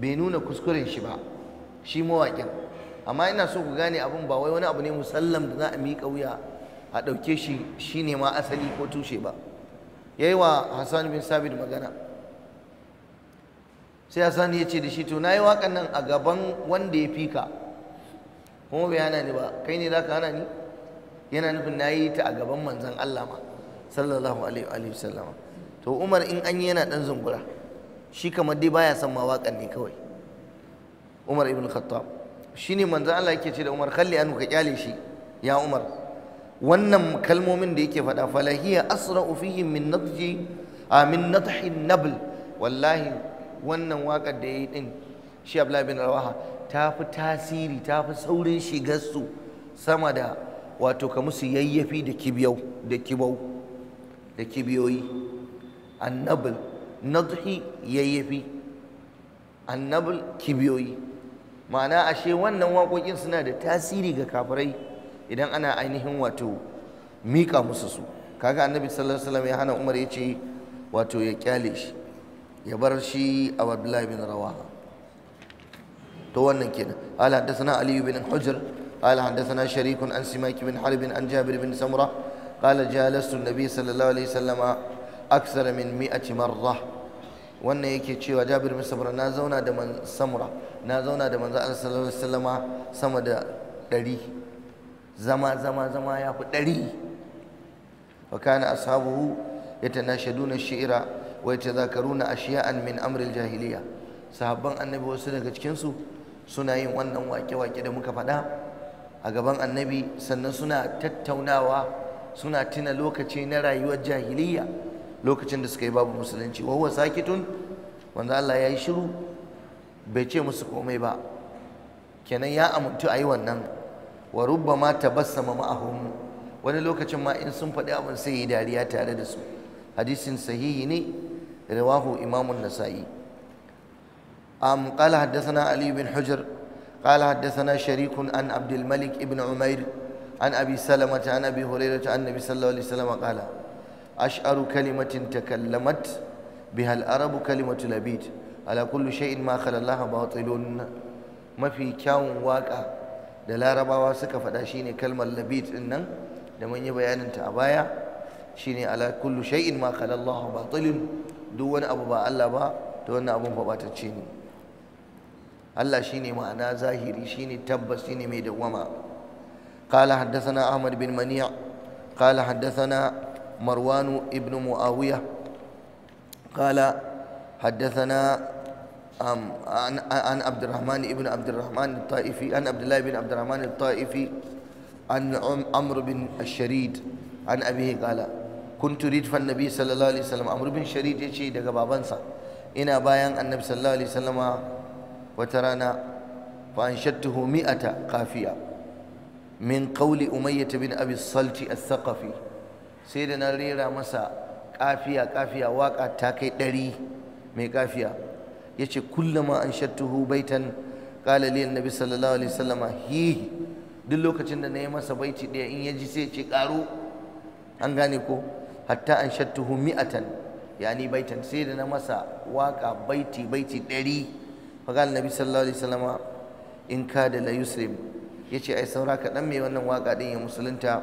bai nuna kuskuren shi ba shi mawaƙin amma ina so ku gane abin ba wai wani abu ne musallam da za a miƙa wuya a dauke shi shi ne ma asali ko tushe ba ya yi wa Hassan bin Sabit magana sai Hassan ya ce da shi to na yi waƙan nan a gaban wanda ya fika kuma bai hana ni ba kai ne za ka hana ni yana nufin na yi ta a gaban manzan Allah ma sallallahu alaihi wa sallam to Umar in an yi yana dan zungura shi kamar dai baya son ma ne kawai Umar ibn Khattab ne manzan Allah yake ce da Umar kalli an ka kyale shi ya Umar wannan kalmomin da yake faɗa falahiya asra'u fihim min nadji min nadhi nabl wallahi wannan waƙar da yayi din shi Abdullah bin Rawaha ta fi tasiri ta fi saurin shigarsu sama da wato ka musu yayyafi da kibiyau da kibau da kibiyoyi annabul nadhi yayyafi annabul kibiyoyi ma'ana ashe wannan waƙoƙin suna da tasiri ga kafirai idan ana ainihin wato miƙa musu su kaga annabi sallallahu alaihi wasallam ya hana umar ya ce wato ya kyale shi ya bar shi a abdullahi bin rawaha to wannan kenan bin hujr qala haddathana sharik an simak bin harb an wannan yake cewa jabir bin samura na zauna da man samura na zauna da manzo Allah sallallahu alaihi sama da zama zama zama ya fi 100 wa kana ashabuhu yatanashaduna ash-shi'ra wa yatazakaruna ashya'an min amri al-jahiliyah sahabban annabi wasu daga cikinsu suna yin wannan wake-wake da muka faɗa a gaban annabi sannan suna tattaunawa suna tuna lokaci na rayuwar jahiliya lokacin da suka yi babu musulunci wa sakitun wanda Allah ya yi shiru bai ce musu komai ba kenan ya amintu a yi wannan wa rubba ma tabassama ma'ahum wani lokacin ma in sun faɗi abin sai yi dariya tare da su hadisin sahihi ne rawahu imamun nasa'i um, قال حدثنا علي بن حجر قال حدثنا شريك عن عبد الملك ابن عمير عن أبي سلمة عن أبي هريرة عن النبي صلى الله عليه وسلم قال أشعر كلمة تكلمت بها العرب كلمة لبيد على كل شيء ما خلا الله باطل ما في كون واقع da larabawa suka faɗa shine kalmar labid din nan da mun yi bayanin ta a baya shine ala kullu shay'in ma khala Allah batilun duk wani abu ba Allah ba to wannan abun fa batacce ne Allah shine ma'ana zahiri shine tabbas shine mai dawama qala haddathana ahmad bin mani' qala haddathana marwan ibn muawiya qala haddathana um, an, an abdurrahman ibn taifi an abdullah ibn abdurrahman taifi an amr bin ash-sharid an sallallahu alaihi wasallam amr bin sharid yace daga babansa ina bayan annabi sallallahu alaihi wasallama wata rana fa anshattuhu mi'ata kafiya min qawli umayyah bin abi salti as-saqafi sai da na rera masa kafiya kafiya waka ta kai ɗari mai kafiya yace kullama anshattuhu baitan qala li annabi sallallahu alaihi wasallama hi duk lokacin da na yi masa baiti ɗaya in ya ji sai ce ƙaro an gane ko hatta an shattuhu mi'atan yani baitan sai da na masa waka baiti baiti ɗari fagal nabi sallallahu alaihi wasallama in ka da la yusrib yace ai saura ka dan me wannan waka din ya musulunta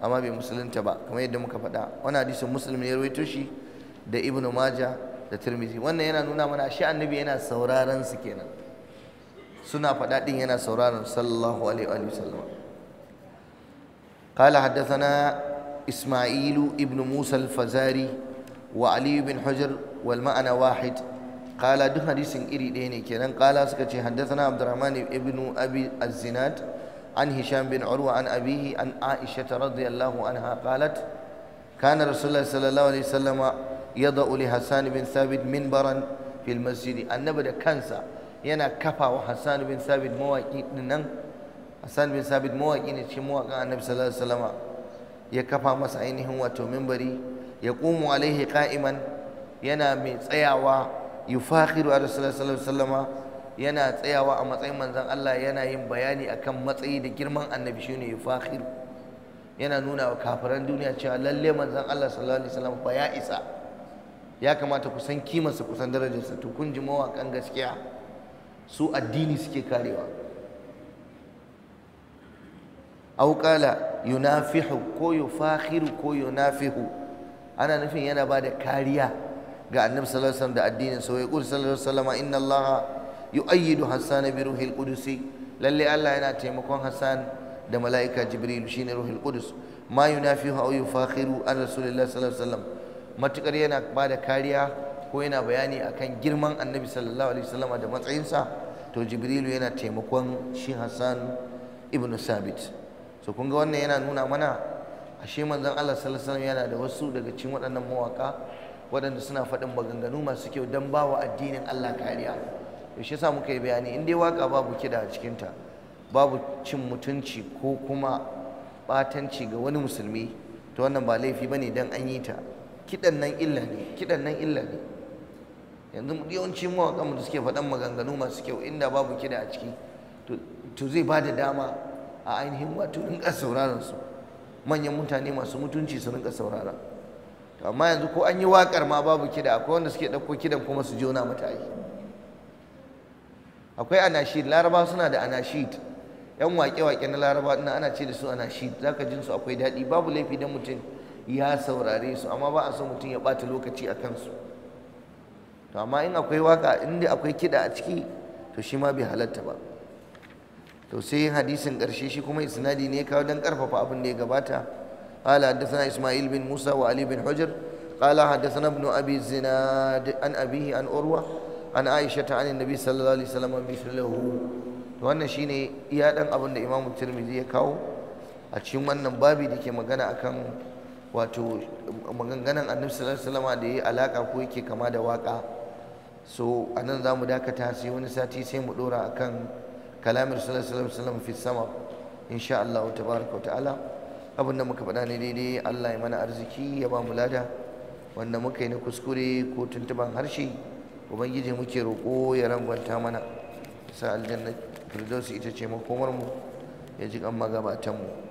amma bai musulunta ba kamar yadda muka faɗa wannan hadisin muslim ne rawaito shi da ibnu majah da tirmidhi wannan yana nuna mana shi annabi yana sauraron su kenan suna faɗa din yana sauraron sallallahu alaihi wa sallam قال حدثنا إسماعيل ابن موسى الفزاري وعلي بن حجر والمعنى واحد kala duk hadisin iri ɗaya ne kenan kala suka ce haddasana abdurrahman ibnu abi an hisham bin urwa an abihi an aisha radiyallahu anha qalat kana sallallahu alaihi wasallama yada'u li hasan bin thabit minbaran fil masjid annabi da kansa yana kafawa hasan bin thabit mawaki dinnan hasan bin thabit mawaki ne cikin mawakan annabi sallallahu alaihi wasallama ya kafa masa ainihin wato minbari ya qumu alaihi yana mai tsayawa yufakhiru ala sallallahu alaihi yana tsayawa a matsayin manzon Allah yana yin bayani akan matsayi da girman annabi shine yufakhiru yana nuna wa kafiran duniya cewa lalle manzon Allah sallallahu ya isa ya kamata ku san kimarsa ku san darajarsa to kun ji mawaƙan gaskiya su addini suke karewa aw yunafihu ko yufakhiru ko yunafihu ana nufin yana bada kariya ga annabi sallallahu alaihi wasallam da addinin sa ya qul sallallahu alaihi wasallam inna allaha yu'ayyidu hassan bi ruhil qudusi lalle Allah yana taimakon hassan da mala'ika jibril shine ruhul qudus ma yunafihu aw yufakhiru an rasulillahi sallallahu alaihi wasallam matukar yana bada kariya ko yana bayani akan girman annabi sallallahu alaihi wasallam da matsayinsa to jibrilu yana taimakon shi hassan ibn sabit so kun ga wannan yana nuna mana ashe manzon Allah sallallahu alaihi wasallam yana da wasu daga cikin waɗannan mawaka waɗanda suna faɗin maganganu masu kyau don ba wa addinin Allah kariya yaushe sa muka yi bayani inda dai waka babu kiɗa a cikinta babu cin mutunci ko kuma ɓatanci ga wani musulmi to wannan ba laifi ba ne don an yi ta kiɗan nan illa ne kiɗan nan illa ne yanzu yawancin mawaƙanmu da suke faɗan maganganu masu kyau inda babu kiɗa a ciki to zai ba da dama a ainihin wato rinƙa sauraron su manyan mutane masu mutunci su rinƙa saurara to amma yanzu ko an yi wakar ma babu kida akwai wanda suke ɗauko kidan kuma su jona mata yi akwai anashid laraba suna da anashid yan wake-wake na laraba ina ana ce da su anashid zaka jin su akwai daɗi babu laifi dan mutum ya saurare su amma ba a so mutum ya ɓata lokaci a kansu to amma in akwai waka in dai akwai kida a ciki to shi ma bai halatta ba to sai hadisin ƙarshe shi kuma isnadi ne kawo dan ƙarfafa abin da ya gabata قال حدثنا إسماعيل بن موسى وعلي بن حجر قال حدثنا ابن أبي الزناد عن أبيه عن أروة عن عائشة عن النبي صلى الله عليه وسلم مثله wannan shine iya dan abin da Imam Tirmidhi ya kawo a cikin wannan babi da ke magana akan wato maganganan Annabi sallallahu alaihi wasallam da yayi alaka ko yake kama da waka so anan zamu dakata sai wani sati sai mu dora akan kalamin sallallahu alaihi wasallam fi sama insha Allah ta'ala abinda muka faɗa ne daidai Allah ya mana arziki ya ba mu lada wanda muka yi na kuskure ko tuntuban harshe ubangiji muke roƙo ya rangwanta mana sa aljanna firdausi ita ce makomar mu ya ji kan magabatan mu